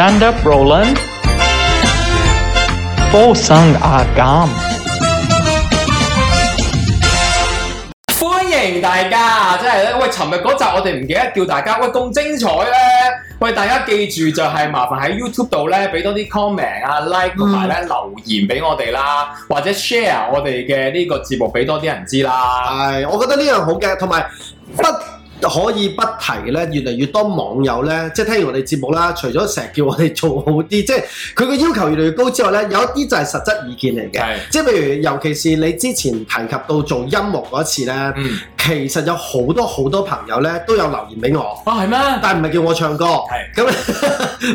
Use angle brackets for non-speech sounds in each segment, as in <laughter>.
Stand up, Roland. For sang agam. 歡迎大家，即係咧，喂，尋日嗰集我哋唔記得叫大家，喂，咁精彩咧，喂，大家記住就係麻煩喺 YouTube 度咧，俾多啲 comment 啊，like 同埋咧留言俾我哋啦，或者 share 我哋嘅呢個節目俾多啲人知啦。係、哎，我覺得呢樣好嘅，同埋不可以不提咧，越嚟越多網友咧，即係聽完我哋節目啦，除咗成日叫我哋做好啲，即係佢個要求越嚟越高之外咧，有一啲就係實質意見嚟嘅，是的 即係譬如，尤其是你之前提及到做音樂嗰次咧。嗯其實有好多好多朋友咧都有留言俾我，啊係咩？但係唔係叫我唱歌，係咁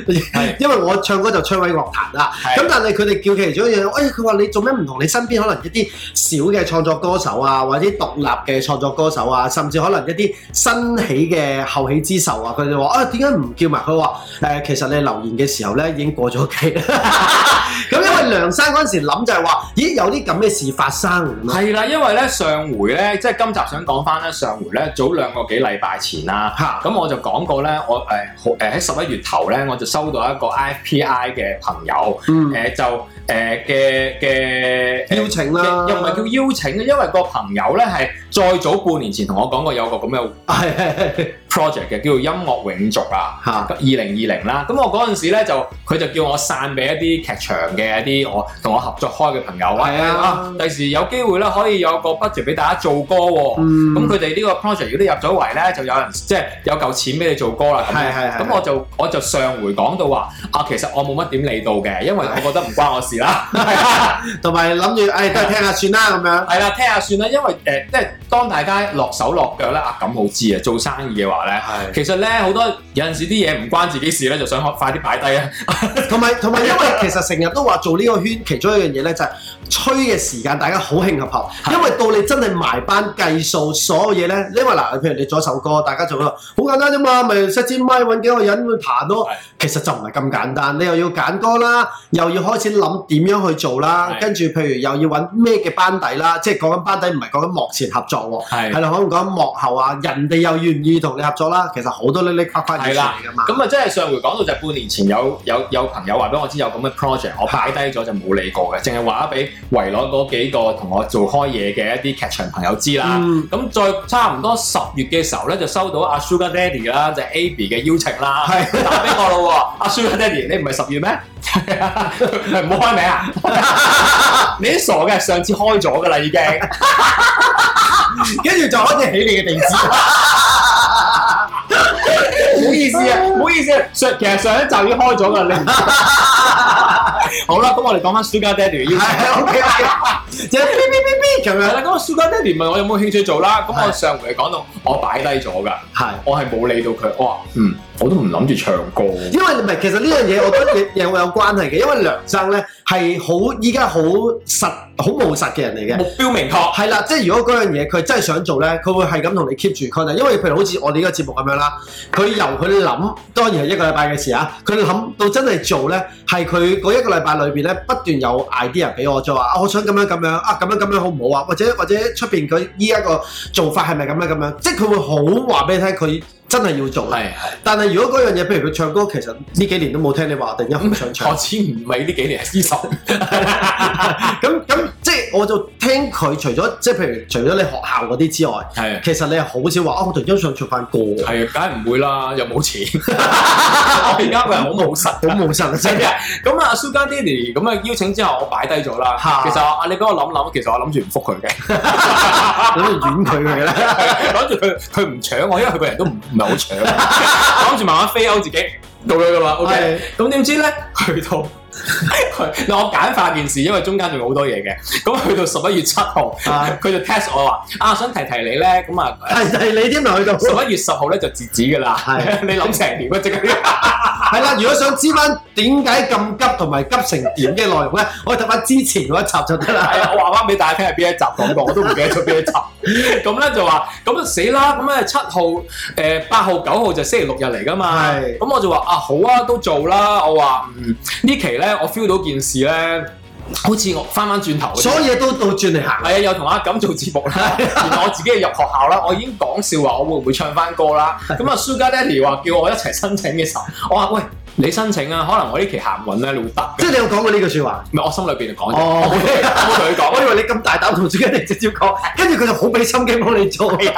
的，因為我唱歌就摧毀樂壇啦。咁的但係佢哋叫其中嘅，哎呀，佢話你做咩唔同你身邊可能一啲小嘅創作歌手啊，或者獨立嘅創作歌手啊，甚至可能一啲新起嘅後起之秀啊，佢哋話啊點解唔叫埋？佢話誒，其實你留言嘅時候咧已經過咗期啦。咁 <laughs> 因為梁生嗰陣時諗就係話，咦有啲咁嘅事發生，係啦，因為咧上回咧即係今集想講。講翻咧，回上回咧早兩個幾禮拜前啦，嚇咁哈我就講過咧，我誒誒喺十一月頭咧，我就收到一個 FPI 嘅朋友，誒、嗯呃、就誒嘅嘅邀請啦、啊呃，又唔係叫邀請咧，因為個朋友咧係再早半年前同我講過有個咁嘅 project 嘅，叫做音樂永續啊，嚇二零二零啦。咁我嗰陣時咧就佢就叫我散俾一啲劇場嘅一啲我同我合作開嘅朋友。係啊，第時有機會咧可以有個 budget 俾大家做歌。嗯，咁佢哋呢個 project 如果入咗圍咧，就有人即係有嚿錢俾你做歌啦。係係係。咁我就我就上回講到話啊，其實我冇乜點理到嘅，因為我覺得唔關我事啦。同埋諗住誒都係聽下算啦咁樣。係啦，聽下算啦，因為誒即係。當大家落手落腳咧，啊咁好知啊！做生意嘅話咧，是的 其實咧好多有陣時啲嘢唔關自己事咧，就想快啲擺低啊！同埋同埋，因為 <laughs> 其實成日都話做呢個圈，其中一樣嘢咧就係、是。吹嘅時間，大家好興合作，的因為到你真係埋班計數所有嘢咧。因為嗱，譬如你做一首歌，大家做個好簡單啫嘛，咪識支麥揾幾個人去彈咯，啊。的其實就唔係咁簡單，你又要揀歌啦，又要開始諗點樣去做啦。跟住的譬如又要揾咩嘅班底啦，即係講緊班底唔係講緊幕前合作喎，係啦的，可能講緊幕後啊，人哋又願意同你合作啦。其實好多呢啲咔咔嚟㗎嘛。咁啊，即係上回講到就半年前有有有朋友話俾我我知有咁嘅 project，我擺低咗就冇理過嘅，淨係話咗俾。圍攞嗰幾個同我做開嘢嘅一啲劇場朋友知啦，咁、嗯、再差唔多十月嘅時候咧，就收到阿 Sugar Daddy 啦，就係、Abby 嘅邀請啦，是 <laughs> 就打俾我咯喎，阿 Sugar Daddy 你唔係十月咩？係唔好開名啊！ <laughs> 你傻嘅，上次開咗噶啦已經，跟 <laughs> 住就開始起你嘅地址唔 <laughs> <laughs> 好意思啊，唔好意思、啊，上其實上一集已經開咗噶啦。你 <laughs> 好啦，咁我哋講翻 Sugar Daddy 嘅要求。係，OK，係啦，就係 B B B B B 咁樣啦。咁 Sugar Daddy 問我有冇興趣做啦。咁我上回講到的我擺低咗㗎，係的，我係冇理到佢。我話嗯。我都唔諗住唱歌，因為唔係，其實呢樣嘢我覺得亦會有關係嘅，因為梁生咧係好依家好實好務實嘅人嚟嘅，目標明確。係啦，即係如果嗰樣嘢佢真係想做咧，佢會係咁同你 keep 住 contact。因為譬如好似我哋呢個節目咁樣啦，佢由佢諗，當然係一個禮拜嘅事啊。佢諗到真係做咧，係佢嗰一個禮拜裏邊咧，不斷有 idea 俾我，再話我想咁樣咁樣啊，咁樣咁樣好唔好啊？或者或者出邊佢依一個做法係咪咁樣咁樣？即係佢會好話俾你聽，佢。真係要做，是的 但係如果嗰樣嘢，譬如佢唱歌，其實呢幾年都冇聽你話，定唔想唱。我知唔係呢幾年，呢十。 <laughs> 咁咁即係我就聽佢除咗即係譬如除咗你學校嗰啲之外，是的 其實你係好少話哦，我同音響唱翻歌。係啊，梗係唔會啦，又冇錢。而家個人好務實，好 <laughs> 務實。真嘅。咁啊， <laughs> 阿蘇家爹哋咁啊邀請之後我，我擺低咗啦。其實啊，你俾我諗諗，其實我諗住唔覆佢嘅，諗住遠佢嘅。咧， <laughs> 諗住佢佢唔搶我，因為佢個人都唔。唔係好長，諗住 <laughs> 慢慢飛歐自己到咗噶啦。OK，咁點知咧去到，嗱我簡化件事，因為中間仲好多嘢嘅。咁去到十一月七號，佢的就 test 我話啊，想提提你咧。咁啊，提提你添啊。去到十一月十號咧就截止噶啦。係的， <laughs> 你諗成年嗰即嘅。 <laughs> 係啦， <music> 如果想知翻點解咁急同埋急成點嘅內容咧，可以睇翻之前嗰一集就得啦。 <laughs> 我話翻俾大家聽係邊一集，講過我都唔記得咗邊一集。咁咧就話、係，咁啊死啦，咁咧七號、誒、呃、八號、九號就星期六日嚟噶嘛。咁是我就話啊，好啊，都做啦。我話嗯，期呢期咧我 feel 到件事咧。好似我翻翻轉頭，所有嘢都倒轉嚟行。係啊，有同阿咁做節目啦，同埋 <laughs> 我自己入學校啦。我已經講笑話，我會唔會唱翻歌啦？咁啊 <laughs> ，Sugar Daddy 話叫我一齊申請嘅時候，我話喂，你申請啊？可能我呢期行運咧，老得。即係 <laughs> 你有講過呢句説話？唔係我心裏邊講嘢，我冇同佢講。我以為你咁大膽同 Sugar Daddy 直接講，跟住佢就好俾心機幫你做嘅。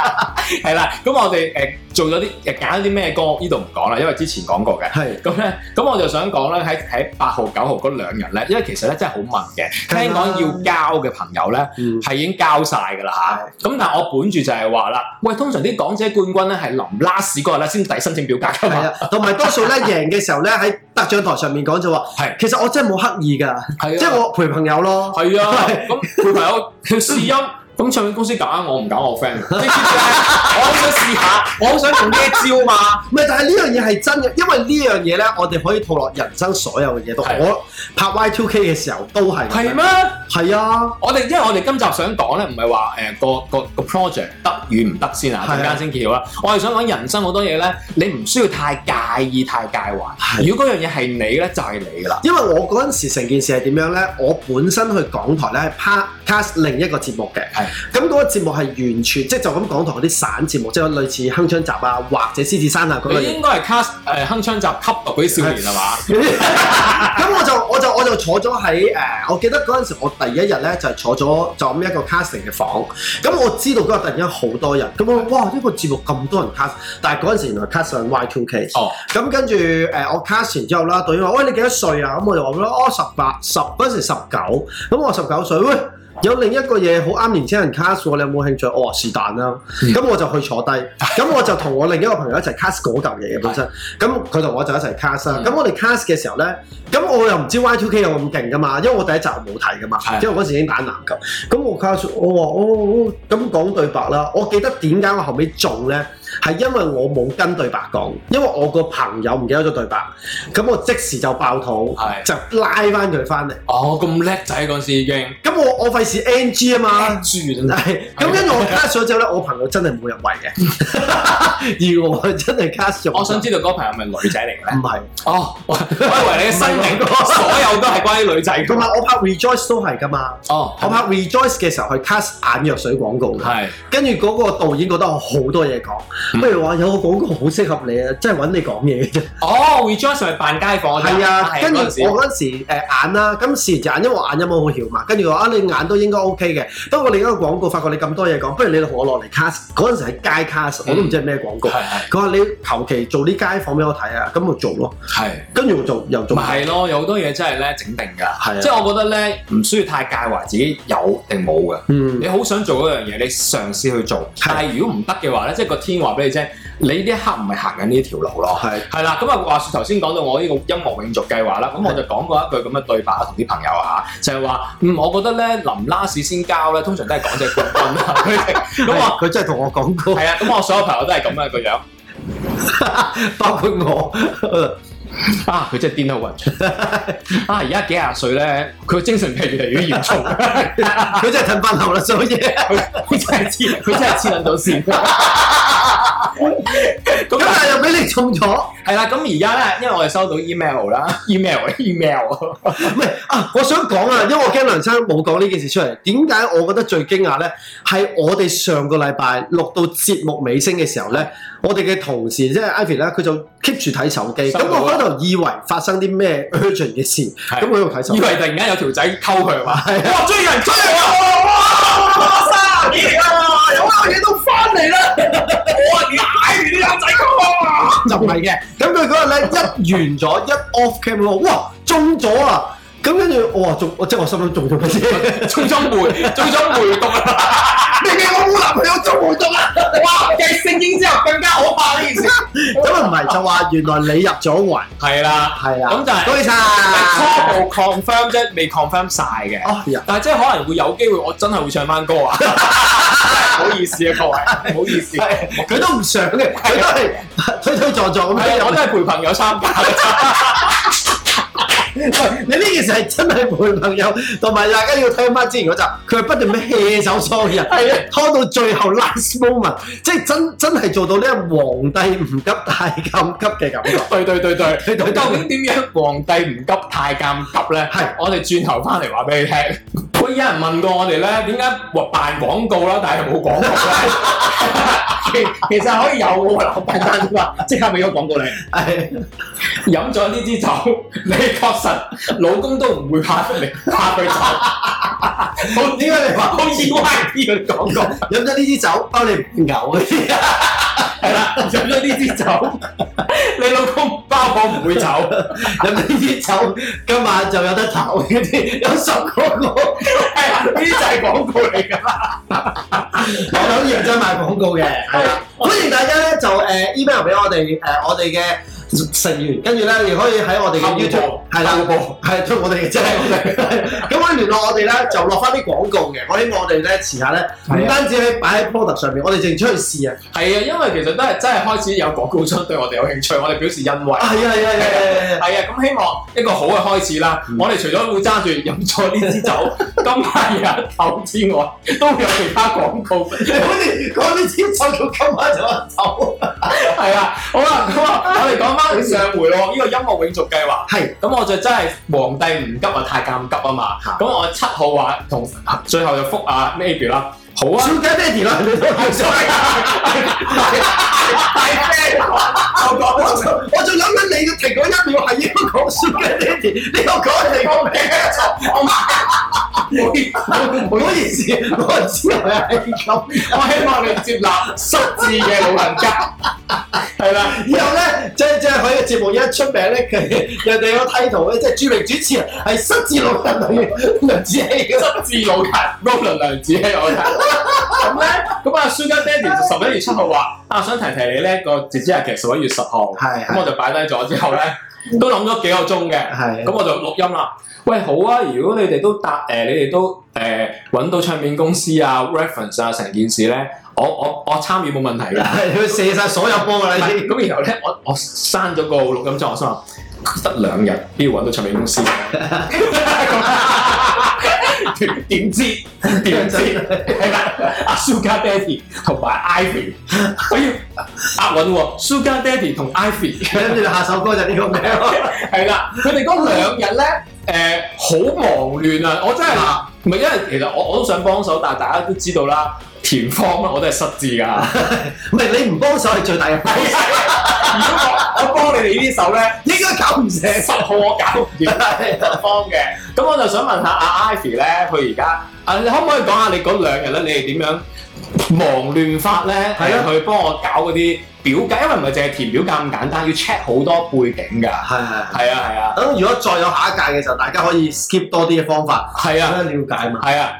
係啦， <laughs> <laughs> 咁我哋誒。欸做咗啲誒揀咗啲咩歌？呢度唔講啦，因為之前講過嘅。係咁咧，咁、嗯、我就想講咧喺喺八號九號嗰兩日咧，因為其實咧真係好問嘅。聽講要交嘅朋友咧係、啊嗯、已經交晒㗎啦嚇。咁是但係我本住就係話啦，喂，通常啲港姐冠軍咧係臨 last 嗰日咧先遞申請表格㗎嘛。係啊，同埋多數咧 <laughs> 贏嘅時候咧喺得獎台上面講就話係。是其實我真係冇刻意㗎，即係、啊、我陪朋友咯。係啊，咁、啊、陪朋友試音。 <laughs> <laughs> 咁唱片公司揀，我唔揀 <laughs> <laughs> 我 friend。我好想試下，我好想用呢招嘛。唔係， <laughs> 但係呢樣嘢係真嘅，因為呢樣嘢咧，我哋可以套落人生所有嘅嘢都係。的我拍 Y2K 嘅時候都係。係咩嗎？係啊！我哋因為我哋今集想講咧，唔係話誒個個個 project 得與唔得先啊，陣間先叫啦。的我係想講人生好多嘢咧，你唔需要太介意、太介懷。的如果嗰樣嘢係你咧，就係、是、你噶啦。因為我嗰陣時成件事係點樣咧？我本身去港台咧，係 podcast 另一個節目嘅，咁嗰個節目係完全即係就咁講同嗰啲散節目，即、就、係、是、類似《鏗鏘集》啊，或者《獅子山》啊，佢哋應該係 cast 誒、呃《鏗鏘集》吸毒嗰啲少年係嘛？咁 <laughs> <laughs> 我就我就我就坐咗喺誒，我記得嗰陣時我第一日咧就係、是、坐咗就咁一個 casting 嘅房。咁我知道嗰日突然間好多人，咁我哇！呢、這個節目咁多人 cast，但係嗰陣時原來 cast 上 Y2K 哦。咁跟住誒，我 cast 完之後啦，對方話：喂，你幾多歲啊？咁我就話：咁咯，哦，十八十嗰陣時十九，咁我十九歲喎。有另一個嘢好啱年青人 cast 你有冇興趣？哦，是但啦，咁、嗯、我就去坐低，咁 <laughs> 我就同我另一個朋友一齊 cast 嗰嚿嘢嘅本身，咁佢同我就一齊 cast 啦。咁、嗯、我哋 cast 嘅時候咧，咁我又唔知 Y Two K 有咁勁噶嘛，因為我第一集冇睇噶嘛，的因為嗰時已經打籃球。咁我 cast，我話哦，咁、哦、講、哦、對白啦。我記得點解我後尾做咧？係因為我冇跟對白講，因為我個朋友唔記得咗對白，咁我即時就爆肚，就拉翻佢翻嚟。哦，咁叻仔嗰時已經。咁我我費事 NG 啊嘛。輸咗真係。咁跟住我 cast 咗之後咧，我朋友真係冇入圍嘅。而我真係 cast 入。我想知道嗰個朋友係咪女仔嚟嘅？唔係。哦，我以為你嘅身形，所有都係關於女仔。咁啊，我拍 Rejoice 都係㗎嘛。哦。我拍 Rejoice 嘅時候係 cast 眼藥水廣告㗎。跟住嗰個導演覺得我好多嘢講。不如話有個廣告好適合你啊，即係揾你講嘢嘅啫。哦 Rejoice 係扮街坊。係啊，跟住我嗰陣時眼啦，咁時隻眼因為我眼有冇好跳嘛，跟住我話你眼都應該 OK 嘅。不過你一個廣告發覺你咁多嘢講，不如你同我落嚟 cast。嗰陣時係街 cast，我都唔知係咩廣告。佢話你求其做啲街坊俾我睇啊，咁咪做咯。係。跟住做又做。咪係咯，有好多嘢真係咧，整定㗎。係。即係我覺得咧，唔需要太介懷自己有定冇嘅。嗯。你好想做嗰樣嘢，你嘗試去做。但係如果唔得嘅話咧，即係個天。話俾你聽，你呢一刻唔係行緊呢條路咯，係係啦，咁啊，話說頭先講到我呢個音樂永續計劃啦，咁我就講過一句咁嘅對白同啲朋友啊，就係話，嗯，我覺得咧，臨 last 先交咧，通常都係講隻冠軍啦，咁啊，佢真係同我講過，係啊，咁我所有朋友都係咁樣個樣，包括我，啊，佢真係癲到暈出，啊，而家幾廿歲咧，佢嘅精神病越嚟越嚴重，佢真係褪翻頭啦所以，佢真係黐，佢真係黐撚到線。咁啊又俾你中咗，係啦。咁而家咧，因為我哋收到 email 啦，email，email。唔係啊，我想講啊，因為我驚梁生冇講呢件事出嚟。點解我覺得最驚訝咧？係我哋上個禮拜錄到節目尾聲嘅時候咧，我哋嘅同事即係 Ivy 咧，佢就 keep 住睇手機。咁我喺度以為發生啲咩 urgent 嘅事。咁我喺度睇手機，以為突然間有條仔溝佢係嘛？追人追人，哇哇哇！殺嘢啊！有乜嘢都～嚟啦！我啊挨住你阿仔㗎喎，就唔係嘅。咁佢嗰日咧一完咗一 off camp 咯，camp，哇中咗啊！咁跟住，我話中，我即係我心諗中中咩啫？中咗梅，中咗梅毒啊！你見我冇男朋友中梅毒啊？哇！既成音之後更加可怕呢件事。咁唔係就話，原來你入咗圍，係啦，係啦。咁就係，多晒！初步 confirm 即係，未 confirm 晒嘅。哦，但係即係可能會有機會，我真係會唱翻歌啊！唔好意思啊，各位，唔好意思。佢都唔想嘅，佢都係推推撞撞咁樣，我都係陪朋友參加。 <laughs> 你呢件事係真係陪朋友，同埋大家要睇翻之前嗰集，佢係不斷咁 hea 手雙人，係啊 <laughs> 的，拖到最後 last moment，即係真真係做到呢皇帝唔急太監急嘅感覺。 <laughs> 對對對對，佢究竟點樣？皇帝唔急太監急咧？係 <laughs> 的我哋轉頭翻嚟話俾你聽。 <laughs> 有人問過我哋咧，點解話扮廣告啦？但係冇廣告咧。 <laughs> <laughs> 其實可以有喎，好簡單啫嘛！即刻俾咗廣告你。飲咗呢支酒，你確實老公都唔會怕你，怕佢走。點解 <laughs> <laughs> 你話好意外呢個廣告？飲咗呢支酒，包、哦、你唔嘔啊！ <laughs> 係啦，飲咗呢啲酒， <laughs> 你老公包我唔會走。飲呢啲酒，今晚就有得投啲有十個，係呢啲就係廣告嚟噶啦。你好認真賣廣告嘅，係啦， <laughs> <laughs> 歡迎大家咧就誒、呃、email 俾我哋，誒、呃、我哋嘅。成員，跟住咧，你可以喺我哋嘅 YouTube，係啦，係出我哋嘅，真係我哋。咁喺聯絡我哋咧，就落翻啲廣告嘅。我希望我哋咧遲下咧，唔單止喺擺喺 product 上邊，我哋淨出去試啊。係啊，因為其實都係真係開始有廣告商對我哋有興趣，我哋表示欣慰。係啊，係啊，係啊，係啊，咁希望一個好嘅開始啦。我哋除咗會揸住飲菜呢支酒今晚飲酒之外，都有其他廣告。你好似講呢支酒到今晚就飲酒。係啊，好啊，咁啊，我哋講。翻上回咯，呢、嗯、個音樂永續計劃係咁，是我就真係皇帝唔急啊，太監急啊嘛。咁是我七號話同、啊，最後就覆阿 Maybe 啦，好啊，Super Daddy 啦，係咩？我講我我仲諗緊你個停嗰一秒係要講 Super Daddy，你又講嚟講咩啊？我媽。 <laughs> 唔好，唔好意思，我知你係咁。我希望你接納失智嘅老人家，係啦。之後咧，即即係佢嘅節目一出名呢，其人哋個 title 咧，即係著名主持人係失智老人家梁子希，失智老人家 Roland 梁子希我睇。咁咧，咁阿 Sugar Daddy 十一月七號話，啊，想提提你咧個節目日期十一月十號，係咁我就擺低咗之後呢。都諗咗幾個鐘嘅，咁的我就錄音啦。喂，好啊，如果你哋都答誒、呃，你哋都誒揾、呃、到唱片公司啊，reference 啊，成件事咧，我我我參與冇問題嘅。佢射晒所有波㗎啦，咁 <laughs> <laughs> 然後咧，我我刪咗個錄音裝，我心話得兩日，邊度揾到唱片公司？ <laughs> <laughs> 點知點知係啦？阿 Sugar Daddy 同埋 Ivy，我要押韻喎。Sugar Daddy 同 Ivy，跟住下首歌就呢個名啦。係 <laughs> 啦， <laughs> <laughs> 佢哋嗰兩日咧，誒、 <laughs> 呃，好忙亂啊！我真係，唔係、啊、因為其實我我都想幫手，但係大家都知道啦。前方、啊、我都係失智㗎，唔 <laughs> 係你唔幫手係最大嘅。係 <laughs> 係，我幫你哋呢啲手咧，應該搞唔成。十號我搞唔掂，前方嘅。咁 <laughs> 我就想問下阿 Ivy 咧，佢而家啊，你可唔可以講下你嗰兩日咧，你哋點樣忙亂法咧，係去幫我搞嗰啲表格？因為唔係淨係填表格咁簡單，要 check 好多背景㗎。係係係啊係啊。咁如果再有下一屆嘅時候，大家可以 skip 多啲嘅方法，加深、啊啊、了解嘛。係啊，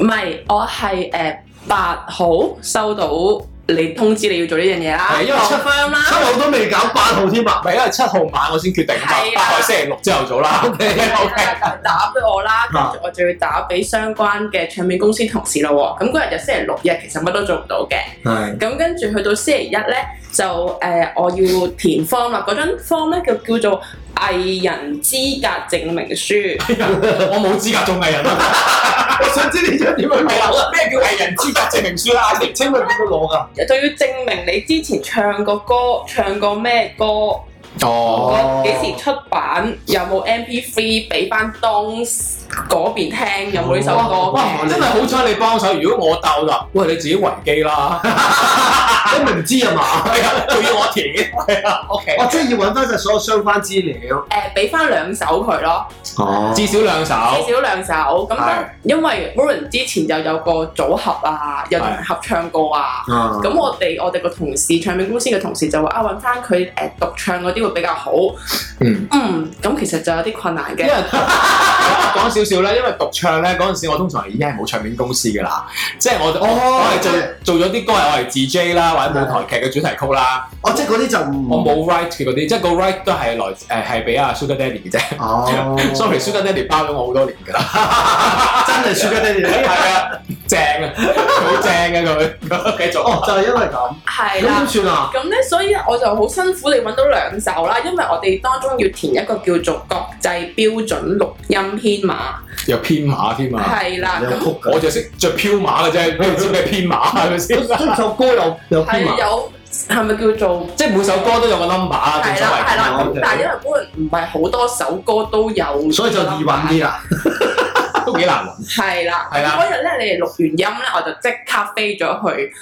唔係我係誒。八號收到你通知你要做呢樣嘢啦，因為七號啦，七號都未搞八號添啊，係因為七號晚我先決定，八、啊、號星期六朝頭早啦。O、 <laughs> 啊就係、打俾我啦，跟住、啊、我就要打俾相關嘅唱片公司同事咯。咁嗰日就星期六日，其實乜都做唔到嘅。係是，咁跟住去到星期一咧。就誒，我要填 form 啦，嗰張 form 咧就叫做藝人資格證明書。我冇資格做藝人啊！我想知呢張點樣攞啊？咩叫藝人資格證明書啊？請問邊度攞㗎？就要證明你之前唱過歌，唱過咩歌？哦，幾時出版？有冇 MP3 俾翻當？嗰邊聽有冇呢首歌？真係好彩你幫手。如果我鬥就餵你自己維基啦，都唔知啊嘛。又要我填嘅，O K。哇！即係要揾翻曬所有相關資料。誒，俾翻兩首佢咯。哦，至少兩首。至少兩首。咁因為 Vern 之前就有個組合啊，有啲人合唱過啊。咁我哋我哋個同事，唱片公司嘅同事就話啊，揾翻佢誒獨唱嗰啲會比較好。嗯。咁其實就有啲困難嘅。講。少少啦，因為獨唱咧陣時我通常係已經係冇唱片公司噶啦，即係我，哦、我係做做咗啲歌，我係自 J 啦，或者舞台劇嘅主題曲啦，的哦，即係啲就我冇 write 嘅嗰啲，即係個 write 都係來，誒係俾阿 Sugar Daddy 嘅啫。哦，sorry，Sugar Daddy 包咗我好多年㗎啦， <laughs> 真係 Sugar Daddy，係 <laughs> 啊，正啊，好正。 <laughs> 聽嘅繼續哦，就係因為咁係啦。點算啊？咁咧，所以我就好辛苦地揾到兩首啦，因為我哋當中要填一個叫做國際標準錄音編碼，有編碼添啊。係啦，我就識着編碼嘅啫，咩編碼啊？咁首歌有有編碼，有係咪叫做即係每首歌都有個 number 啊？係啦係啦，但係因為歌唔係好多首歌都有，所以就易揾啲啦。都幾難揾，係啦，嗰日咧你哋錄完音咧，我就即刻飛咗去誒、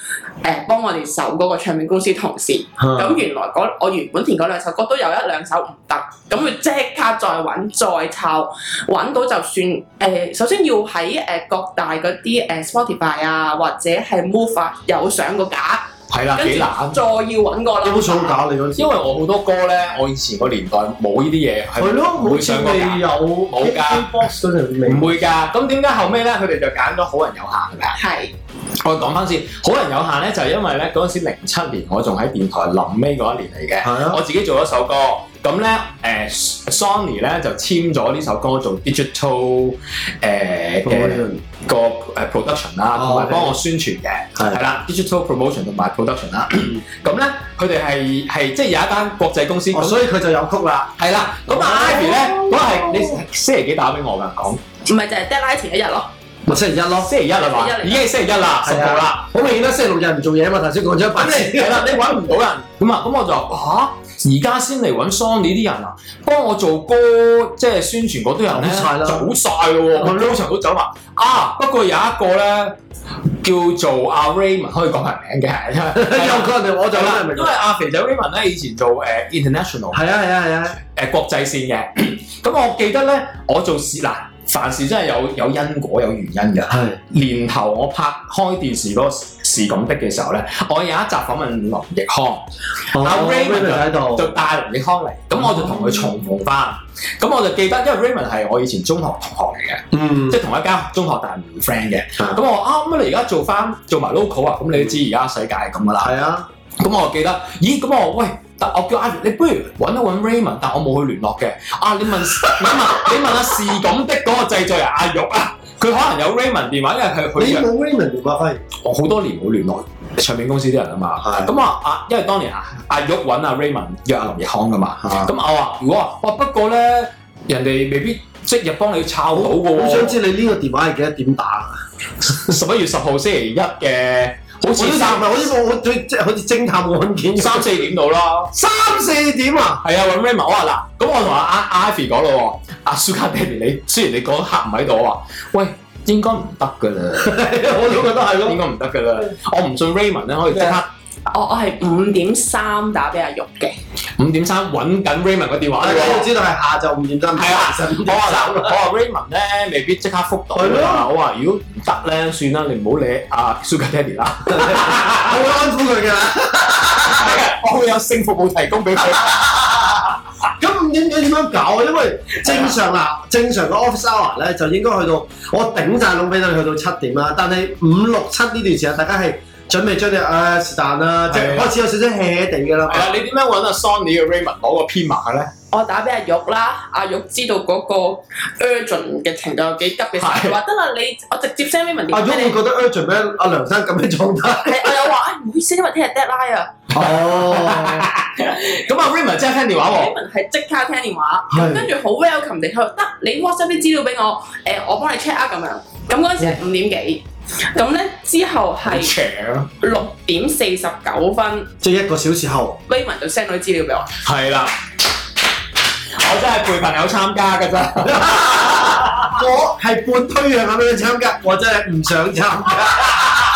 呃、幫我哋搜嗰個唱片公司同事。咁、嗯、原來我原本填嗰兩首歌都有一兩首唔得，咁佢即刻再揾再抄，揾到就算誒、呃。首先要喺誒各大嗰啲誒、呃、Spotify 啊或者係 Move、啊、有上個架。係啦，幾難。再要搵個啦。都好搞你嗰陣時。因為我好多歌咧，我以前個年代冇呢啲嘢，係唔會上未有冇噶？唔會噶。咁點解後尾咧，佢哋就揀咗好人有限，係咪係？是我講翻先，好人有限咧，就係因為咧嗰陣時零七年，我仲喺電台臨尾嗰一年嚟嘅。係啊。我自己做咗首歌，咁咧誒，Sony 咧就簽咗呢首歌做 digital 誒。個誒 production 啦，同埋幫我宣傳嘅係啦，digital promotion 同埋 production 啦。咁咧佢哋係係即係有一間國際公司，所以佢就有曲啦。係啦，咁阿 ivy 咧嗰係你星期幾打俾我㗎？講唔係就係 deadline 前一日咯，咪星期一咯，星期一嚟嘛？已經係星期一啦，係啦，好明顯啦，星期六日唔做嘢嘛？頭先講咗八，係啦，你揾唔到人咁啊？咁我就嚇。而家先嚟揾 Sony 啲人啊，幫我做歌即係宣傳嗰啲人咧，晒曬啦，走晒嘅喎，好多人都走埋。啊，不過有一個咧叫做阿 Ray m o 文可以講埋名嘅， <laughs> 嗯、因為我講人、啊，我就因為阿肥仔 Ray m o 文咧以前做誒、uh, international，係啊係啊係啊，誒、啊啊、國際線嘅。咁、啊啊、 <coughs> 我記得咧，我做雪蘭。凡事真係有有因果有原因嘅。是年頭我拍開電視嗰個是咁的嘅時候咧，我有一集訪問林奕匡，阿 Raymond 喺度就帶林奕匡嚟，咁、嗯、我就同佢重逢翻。咁、嗯、我就記得，因為 Raymond 係我以前中學同學嚟嘅，嗯，即係同一間中學但係唔 friend 嘅。咁、嗯、我話啱、啊啊、你而家做翻做埋 local 啊，咁你都知而家世界係咁噶啦。係啊，咁我記得，咦，咁我喂。喂喂喂喂喂。但我叫阿玉你，不如揾一揾 Raymond，但我冇去聯絡嘅。阿你問你問你問阿是咁的嗰個製作人阿玉啊，佢可能有 Raymond 電話，因為佢去。你冇 Raymond 電話係？我好、哦、多年冇聯絡唱片公司啲人啊嘛。咁啊阿，因為當年啊阿玉揾阿 Raymond 約阿林亦康㗎嘛。咁的我話如果啊，哇不過咧，人哋未必即日幫你抄到嘅喎。我想知你呢個電話係幾多點打？十一 <laughs> 月十號星期一嘅。 <laughs> <laughs> 好似探 3,，好好似偵探案件。三四點到啦，三四點啊，係啊，揾 Raymond <laughs> 啊嗱，咁我同阿阿 Ivy 講咯喎，阿蘇卡爹哋你，雖然你嗰刻唔喺度，我話，喂，應該唔得㗎啦， <laughs> <laughs> 我都覺得係咯，應該唔得㗎啦， <laughs> 我唔信 Raymond 咧可以即刻。Oh, 我我係五點三打俾阿玉嘅，五點三揾緊 Raymond 個電話咧，對吧 你知道係下晝五點三。係啊說，我話我話 Raymond 咧，未必即刻覆到。係咯對吧、uh, <laughs> 我話如果唔得咧，算啦，你唔好理阿 Sugar Daddy 啦。我會安撫佢嘅，我會有性服務提供俾佢。咁五點幾點樣搞啊？因為正常啦，對吧 正常個 office hour 咧就應該去到我頂晒籠俾你去到七點啦。但係五六七呢段時間，大家係。 <laughs> 準備將隻啊是但啦，即係開始有少少 hea hea 地嘅啦。係啊的，嗯、你點樣揾阿 Sony 嘅 Raymond 攞個編碼咧？呢我打俾阿玉啦，阿玉知道嗰個 urgent 嘅程度幾急嘅時候，佢話得啦，你我直接 send Raymond。阿玉會覺得 urgent 咩？阿梁生咁嘅狀態。係，我有話啊，唔、哎、好意思，因為聽日 deadline 啊。哦。咁阿 Raymond 即刻聽電話喎。Raymond 係即刻聽電話，跟住好 welcome 地，佢得你 WhatsApp 啲資料俾我，誒、呃、我幫你 check 下咁樣。咁嗰時係五點幾。 <laughs> <laughs> 咁咧之後係六點四十九分，即係一個小時後，Raymond 就 send 咗啲資料俾我。係啦，我真係陪朋友參加嘅啫，我係半推讓咁樣參加，我真係唔想參加。 <laughs>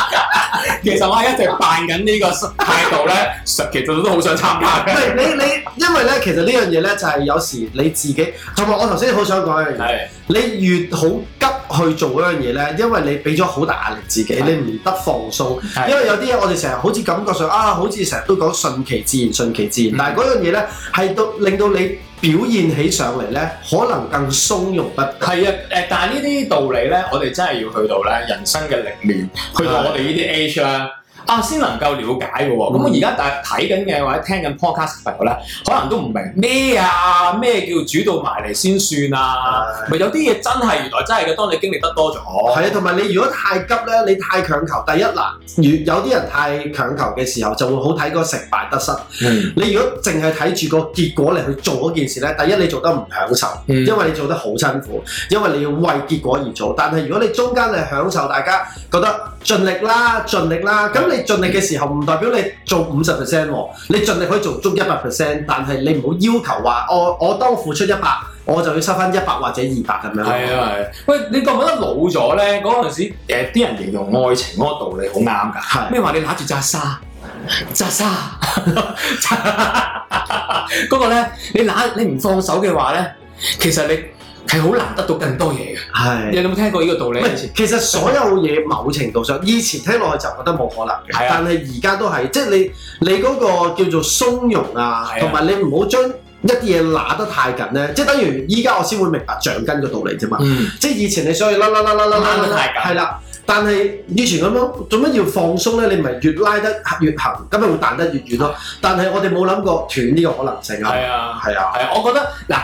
<laughs> 其實我係一直扮緊呢個態度咧，其實都好想參加嘅。你你因為咧，其實呢樣嘢咧就係、是、有時你自己同埋我頭先好想講一樣嘢，是的 你越好急去做嗰樣嘢咧，因為你俾咗好大壓力自己，是的 你唔得放鬆。是的 因為有啲嘢我哋成日好似感覺上啊，好似成日都講順其自然，順其自然。但係嗰樣嘢咧係到令到你。表現起上嚟呢，可能更從容不迫。係、呃、但係呢啲道理呢，我哋真係要去到人生嘅歷練，的去到我哋呢啲 age，啊，先能夠了解嘅喎，咁我而家誒睇緊嘅或者聽緊 Podcast 朋友咧，可能都唔明咩啊，咩叫主導埋嚟先算啊？咪的有啲嘢真係原來真係嘅，當你經歷得多咗，係啊，同埋你如果太急咧，你太強求，第一嗱，有啲人太強求嘅時候就會好睇嗰個成敗得失。嗯、你如果淨係睇住個結果嚟去做嗰件事咧，第一你做得唔享受，嗯、因為你做得好辛苦，因為你要為結果而做。但係如果你中間你享受，大家覺得。盡力啦，盡力啦。咁你盡力嘅時候，唔代表你做五十 percent 喎。你盡力可以做足一百 percent，但係你唔好要，要求話，我我當付出一百，我就要收翻一百或者二百咁樣。係啊係、啊。喂，你覺唔覺得老咗咧？嗰陣時，呃啲人形容愛情嗰個道理好啱㗎。咩話、啊啊啊？你攬住扎沙，扎沙。嗰個咧，你攬你唔放手嘅話咧，其實你。係好難得到更多嘢嘅，係，你有冇聽過呢個道理？其實所有嘢某程度上，以前聽落去就覺得冇可能，但係而家都係，即係你你嗰個叫做鬆容啊，同埋你唔好將一啲嘢拉得太緊咧，即係等於依家我先會明白橡筋嘅道理啫嘛。即係以前你所以拉拉拉拉拉拉得太緊，係啦。但係以前咁樣做乜要放鬆咧？你咪越拉得越恆，咁咪會彈得越遠咯。但係我哋冇諗過斷呢個可能性啊。係啊，係啊，係啊，我覺得嗱。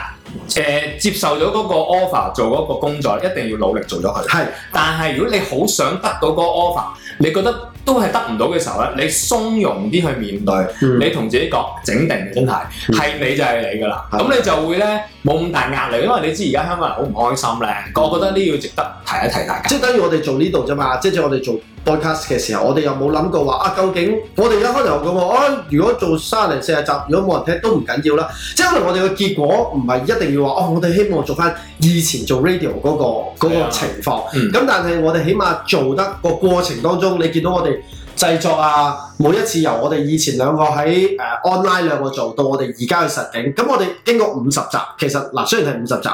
誒、呃、接受咗嗰個 offer 做嗰個工作，一定要努力做咗佢。係的，但係如果你好想得到嗰個 offer，的你覺得都係得唔到嘅時候咧，的你鬆容啲去面對，的你同自己講整定，真係係你就係你噶啦。咁的你就會咧冇咁大壓力，因為你知而家香港人好唔開心咧，個個的覺得呢要值得提一提大家。即係等於我哋做呢度啫嘛，即係我哋做。播 cast 嘅時候，我哋又冇諗過話啊，究竟我哋一開頭咁話，如果做三零四十集，如果冇人聽都唔緊要啦。即係可能我哋嘅結果唔係一定要話，哦、啊，我哋希望做翻以前做 radio 嗰、嗰個嗰個情況。咁、啊嗯、但係我哋起碼做得個過程當中，你見到我哋製作啊，每一次由我哋以前兩個喺誒、啊、online 兩個做到我哋而家嘅實景。咁我哋經過五十集，其實嗱、啊、雖然係五十集，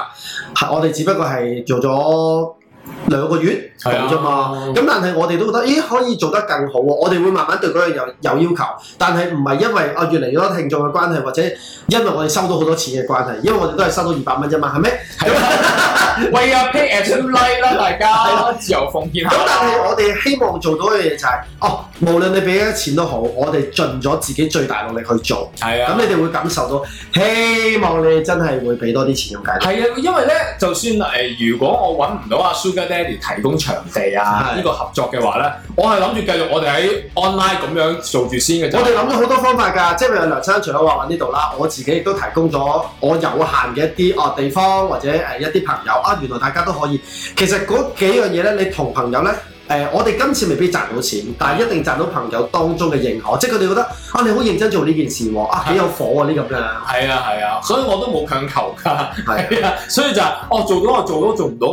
我哋只不過係做咗。兩個月咁啫嘛，咁、啊、但係我哋都覺得，咦可以做得更好喎！我哋會慢慢對嗰樣有有要求，但係唔係因為啊越嚟越多聽眾嘅關係，或者因為我哋收到好多錢嘅關係，因為我哋都係收到二百蚊啫嘛，係咪？係咯、啊，為阿 Pay As You Like 啦，大家。係咯， <laughs> 自由奉獻。咁但係我哋希望做到嘅嘢就係，哦，無論你俾幾多錢都好，我哋盡咗自己最大努力去做。係啊。咁你哋會感受到，希望你真係會俾多啲錢咁解決。係啊，因為咧，就算誒，如果我揾唔到阿 Super 提供場地啊，呢、嗯、個合作嘅話呢，是我係諗住繼續我哋喺 online 咁樣做住先嘅。我哋諗咗好多方法㗎，啊、即係例如梁生除咗話喺呢度啦，我自己亦都提供咗我有限嘅一啲啊地方或者誒一啲朋友啊，原來大家都可以。其實嗰幾樣嘢呢，你同朋友呢。誒、呃，我哋今次未必賺到錢，但係一定賺到朋友當中嘅認可，即係佢哋覺得啊，你好認真做呢件事喎，啊幾有火啊呢咁、啊、樣，係啊係啊，所以我都冇強求㗎，係啊，啊，啊，所以就係、是，我、哦、做到我做到我做唔到，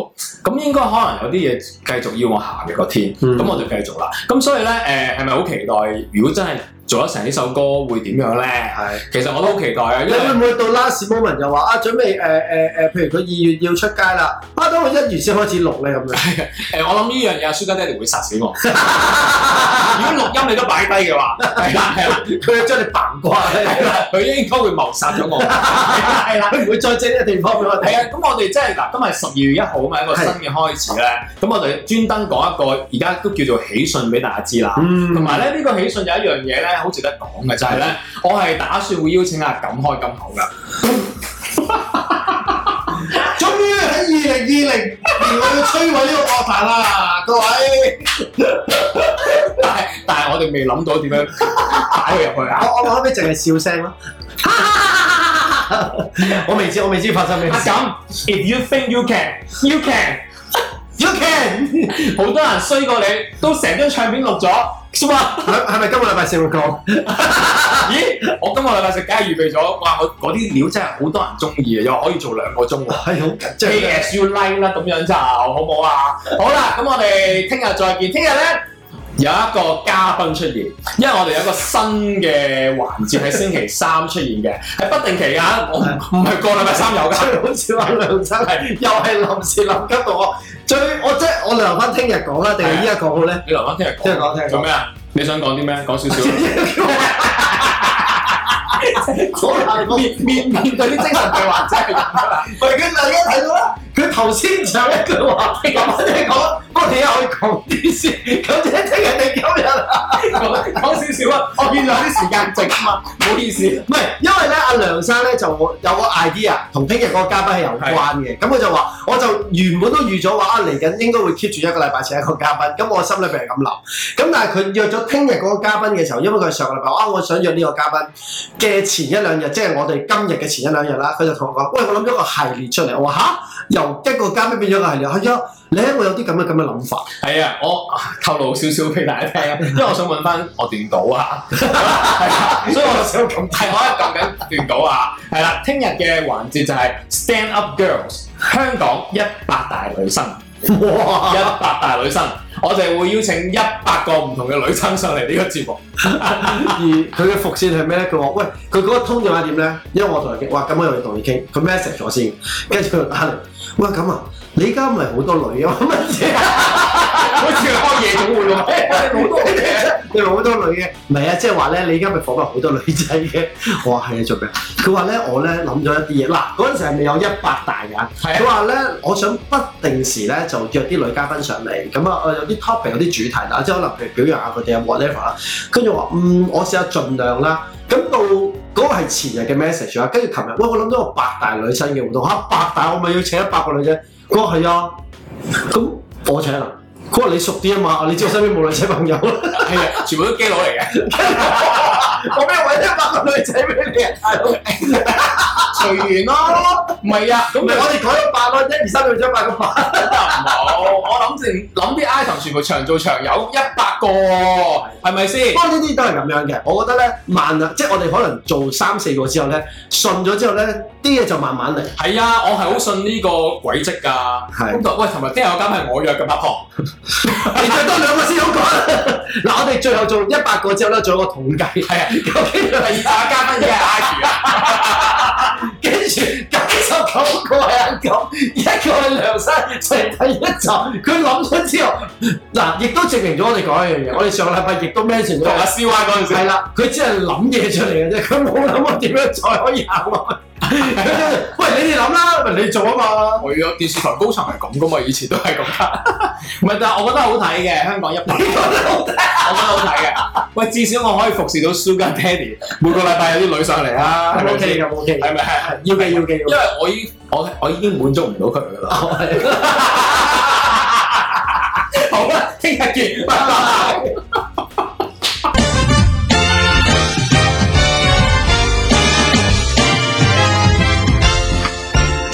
咁應該可能有啲嘢繼續要我行嘅個天，咁、嗯、我就繼續啦，咁所以咧誒，係咪好期待？如果真係～做咗成呢首歌會點樣呢？其實我都好期待啊！你會唔會到 last moment 就話啊，準備誒誒誒，譬如佢二月要出街啦，啊，點解一月先開始錄呢？咁樣？我諗呢樣嘢，舒家爹哋會殺死我。如果錄音你都擺低嘅話，係啦係啦，佢要將你扮乖，佢應該會謀殺咗我。係啦，佢唔會再借呢個地方俾我。係啊，咁我哋真係嗱，今日十二月一號啊嘛，一個新嘅開始咧。咁我哋專登講一個而家都叫做喜訊俾大家知啦。同埋咧，呢個喜訊有一樣嘢咧。好值得講嘅就係、是、咧，我係打算會邀請阿錦開金口噶。 <laughs> 終於喺二零二零年我要摧毀呢個樂壇啦，各位！ <laughs> 但係但係我哋未諗到點樣擺佢入去啊！ <laughs> 我我後屘淨係笑聲咯。 <laughs> <laughs> 我未知我未知發生咩事。阿錦 i f you think you can, you can。好、okay, 好多人衰過你，都成張唱片錄咗。係咪 <laughs> 今個禮拜四錄歌？ <laughs> 咦，我今個禮拜食梗係預備咗。哇，我嗰啲料真係好多人中意啊！又可以做兩個鐘。係好、哎、緊張。as you like 啦，咁樣就好唔好啊？ <laughs> 好啦，咁我哋聽日再見。聽日咧。有一個嘉賓出現，因為我哋有一個新嘅環節喺星期三出現嘅，係不定期嘅我唔唔係個禮拜三有嘅。好搞笑梁生，是又係臨時臨急到我，最我即係我留翻聽日講啦，定係依家講好呢？你留翻聽日講。聽日講，聽日講。做咩啊？你想講啲咩？講少少啦。 <laughs> 面面對啲精神對話真係難啊！唔係佢哋而家睇到啦。佢頭先講一句話咁，即係我哋可以講啲先？咁即係聽日定今日啊？講少少啊，我見有啲時間值啊嘛，唔好意思。唔係，因為咧，阿梁生咧就有個 idea，同聽日嗰個嘉賓係有關嘅。咁佢的、嗯、就話，我就原本都預咗話啊，嚟緊應該會 keep 住一個禮拜請一個嘉賓。咁、嗯、我心裏邊係咁諗。咁、嗯、但係佢約咗聽日嗰個嘉賓嘅時候，因為佢上個禮拜啊，我想約呢個嘉賓嘅前一兩日，即、就、係、是、我哋今日嘅前一兩日啦。佢就同我講，喂，我諗咗個系列出嚟。我話吓！啊」由一個家咩變咗係、哎、你喺我有啲咁嘅咁嘅諗法。係啊，我啊透露少少俾大家聽，因為我想問翻我段島啊， <laughs> <laughs> 啊，所以我想講，係我喺講段島啊。係啦、 <laughs> 啊，聽日嘅環節就係 Stand Up Girls，香港一百大女生。哇！一百大女生， <laughs> 我哋會邀請一百個唔同嘅女生上嚟呢個節目。 <laughs> <laughs> 而佢嘅伏線係咩咧？佢話：喂，佢嗰個通電話係點咧？因為我同佢傾，哇！咁我又同佢傾，佢 message 咗先，跟住佢就打嚟，哇！咁啊，你依家唔係好多女啊乜嘢？ <laughs> 好似開夜總會喎、 <laughs> 就是，你好多嘅，你好多女嘅，唔係啊，即係話咧，你而家咪訪過好多女仔嘅。我話係啊，做咩？佢話咧，我咧諗咗一啲嘢。嗱，嗰陣時係未有一百大嘅。佢話咧，我想不定時咧就約啲女嘉賓上嚟，咁啊，我、呃、有啲 topic 有啲主題啦，即係可能譬如表揚下佢哋有 whatever，跟住我嗯，我試下盡量啦。咁到嗰個係前日嘅 message 啊，跟住琴日，喂，我諗到個百大女生嘅活動，嚇、啊、百大，我咪要請一百個女仔。佢話係啊，咁、嗯、我請啊。 <laughs> 佢話你熟啲啊嘛，你知我身邊冇女仔朋友，係啊，全部都基佬嚟嘅。我邊揾一百個女仔俾你啊！隨緣咯，唔係 <laughs> 啊，咁你可以改一百咯，一二三，女仔百個百。唔好，我諗住諗啲 item 全部長做長，有一百個，係咪先？不過呢啲都係咁樣嘅，我覺得咧慢啊，即係我哋可能做三四個之後咧，信咗之後咧，啲嘢就慢慢嚟。係啊，我係好信呢個軌跡㗎。咁、啊嗯、喂，琴日聽日有間係我約嘅八婆， <laughs> <laughs> 你家多兩個先好講。嗱、 <laughs> 啊，我哋最後做一百個之後咧，做一個統計，係啊。咁邊度係嘉十八加分嘅？跟住九十九個係咁，一個梁生，成第一集。佢諗咗之後，嗱，亦都證明咗我哋講一樣嘢。我哋上禮拜亦都 mention 咗阿 C Y 嗰陣時，係啦，佢只係諗嘢出嚟嘅啫，佢冇諗過點樣再可以行落去。喂，你哋諗啦，咪你做啊嘛！我有電視台高層係咁噶嘛，以前都係咁。唔係，但係我覺得好睇嘅，香港一，我覺得好睇嘅。喂，至少我可以服侍到 Sugar Daddy 每個禮拜有啲女上嚟啦。O K，就 O K。係咪？係係，要嘅要嘅。因為我已我我已經滿足唔到佢噶啦。好啦，聽日見。